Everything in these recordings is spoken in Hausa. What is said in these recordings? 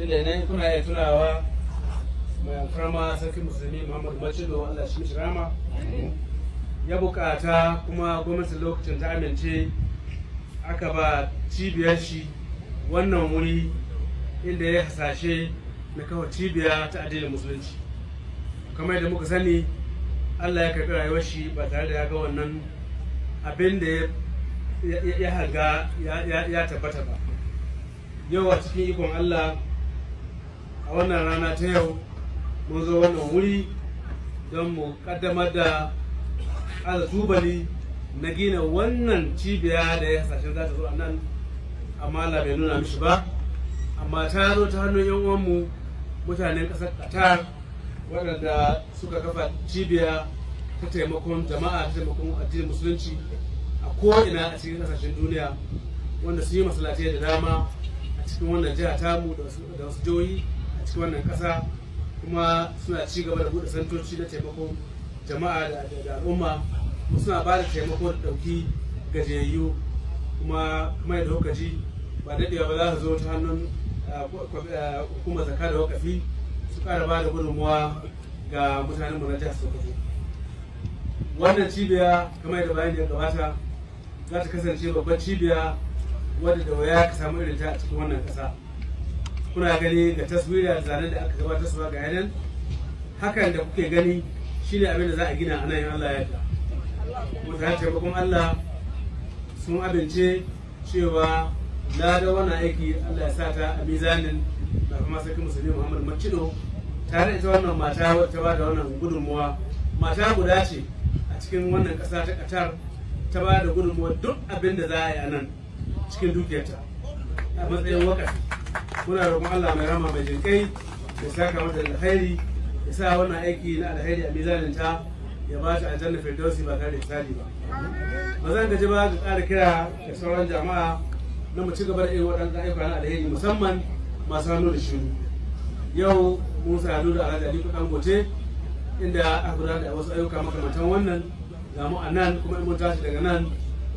tunda idan kuna iya tunawa mai alfarma sarkin musulmi Muhammadu macido allah shi ya bukata kuma gwamnatin lokacin ta amince aka ba cibiyar shi wannan wuri inda ya hasashe na kawo cibiya ta addinin musulunci kamar yadda muka sani allah ya karɓi rayuwar shi ba tare da ya ga wannan abin da ya haga ya tabbata ba yau a cikin ikon allah a wannan rana ta yau mun zo wannan wuri don mu kaddamar da ƙasa tubali na gina wannan cibiya da ya hasashen za ta zo a nan amma Allah bai nuna mishi ba amma ta zo ta hannun yan uwanmu mutanen ƙasar Qatar waɗanda suka kafa cibiya ta taimakon jama'a ta taimakon addinin musulunci a ko'ina a cikin ƙasashen duniya wanda sun yi masallatai da dama a cikin wannan jiha tamu da wasu jihohi cikin wannan ƙasa kuma suna ci gaba da buɗe santoci na taimako jama'a da al'umma suna ba da taimako da ɗauki gajiyayyu kuma kuma yadda kuka ba daɗewa ba za su zo ta hannun hukumar zaka da wakafi su ƙara ba da gudunmuwa ga mutanen mu na jihar Sokoto. Wannan cibiya kamar yadda bayan da gabata za ta kasance babbar cibiya wadda da waya ka samu irin ta a cikin wannan ƙasa. kuna gani ga taswira zanen da aka gabatar su ga yanan hakan da kuke gani shine abin da za a gina anan yin Allah ya yarda kuma ta Allah sun abince cewa na da wannan aiki Allah ya sa ta a mizanin da kuma sarki musulmi Muhammad Macido tare da wannan mata ta ba da wannan gudunmuwa mata guda ce a cikin wannan ƙasa ta Qatar ta ba da gudunmuwa duk abin da za a yi a cikin dukiyarta a matsayin wakafi muna roƙon Allah mai rama mai jinkai ya saka mata alheri ya sa wannan aiki na alheri a mizanin ta ya ba ta aljanna firdausi ba tare da ba ba zan gaji ba ga ƙara kira da sauran jama'a na mu ci gaba da irin waɗannan ayyuka na alheri musamman masu hannu da shiru yau mun sadu da alhaji aliko dangote inda a gudanar da wasu ayyuka makamantan wannan ga mu a nan kuma in mun tashi daga nan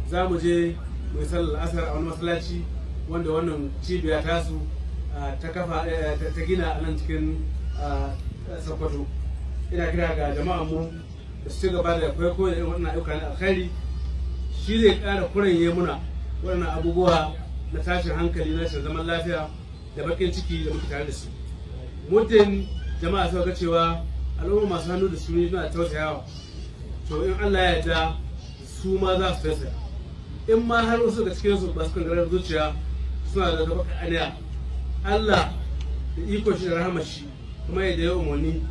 za mu je mu yi sallar asar a wani masallaci wanda wannan cibiya tasu ta kafa eh, ta gina nan cikin eh, sokoto ina kira ga jama'a mu da su gaba da ko da irin wannan ayyuka na alkhairi shi zai ƙara kuranye muna waɗannan abubuwa na tashin hankali na rashin zaman lafiya da bakin ciki da muke tare da su muddin jama'a suka cewa al'umma masu hannu da suni suna tausayawa to in Allah ya yarda su ma za su tausaya in ma har wasu daga cikin su ba su kan zuciya suna da tabbata aniya Allah da iko shi da rahama shi kuma ya da umarni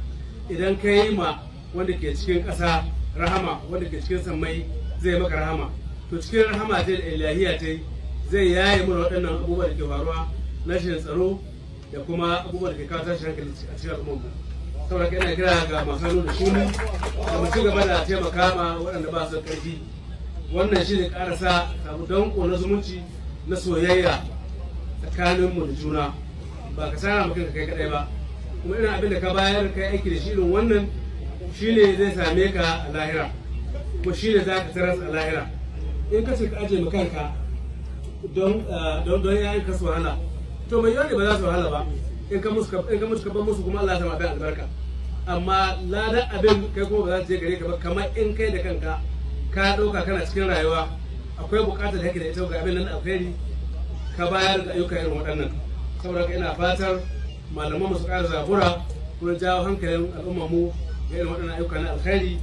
idan ka yi ma wanda ke cikin kasa rahama wanda ke cikin sammai zai maka rahama to cikin rahama ta da ilahiya ta zai yaye mana waɗannan abubuwa da ke faruwa na shi tsaro da kuma abubuwa da ke kawo tashin hankali a cikin al'umma saboda kai ina kira ga masu hannu da shuni da mu cigaba da taimaka ma waɗanda ba su ƙarfi wannan shi ne ƙarasa samu danko na zumunci na soyayya tsakaninmu da juna ba ka tsara mutum kai kadai ba kuma irin abin da ka bayar kai aiki da shi irin wannan shine zai same ka a lahira kuma shine za ka taras a lahira in ka ce ka aje kanka don eh, don don yayin ka su wahala to mai yawa ne ba za su wahala ba in ka musu in ka musu kaban musu kuma Allah ya sama albarka amma ladan abin kai kuma ba za su je gare ka ba kamar in kai da kanka ka ɗauka kana cikin rayuwa akwai buƙatar da yake da ita ga abin nan alheri ka bayar da ayyuka irin waɗannan saboda ina fatar malaman su ƙara zabura kuma jawo hankalin al'umma mu ga irin waɗannan ayyuka na alkhairi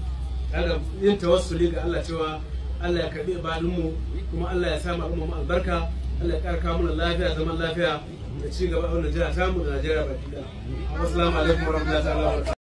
daga yin tawassuli ga Allah cewa Allah ya karbi ibadun mu kuma Allah ya sa mu al'umma mu albarka Allah ya ƙara kawo lafiya zaman lafiya da ci gaba a wannan jiha tamu da Najeriya baki ɗaya. Assalamu alaikum warahmatullahi ta'ala.